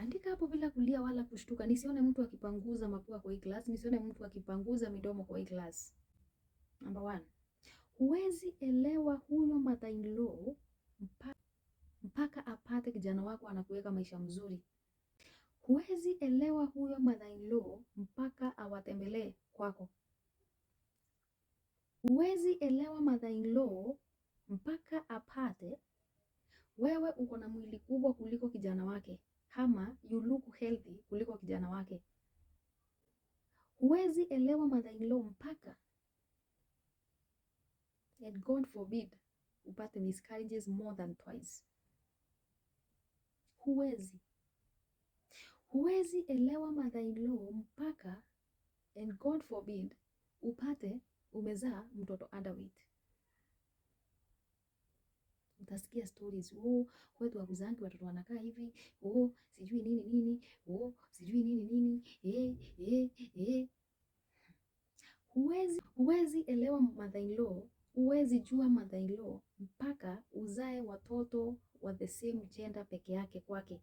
Andika hapo bila kulia wala kushtuka. Nisione mtu akipanguza mapua kwa hii class, nisione mtu akipanguza midomo kwa hii class. Number one. Huwezi elewa huyo mother in law mpaka, mpaka apate kijana wako anakuweka maisha mzuri. Huwezi elewa huyo mother in law mpaka awatembelee kwako. Huwezi elewa mother in law mpaka apate wewe uko na mwili kubwa kuliko kijana wake healthy kuliko kijana wake. Huwezi elewa mother-in-law mpaka and God forbid upate miscarriages more than twice. Huwezi huwezi elewa mother-in-law mpaka and God forbid upate umezaa mtoto underweight utasikia stories, oh kwetu wa kuzangi watoto wanakaa hivi, oh sijui nini nini, oh sijui nini nini, eh eh eh. Huwezi huwezi elewa mother in law, huwezi jua mother in law mpaka uzae watoto wa the same gender peke yake kwake.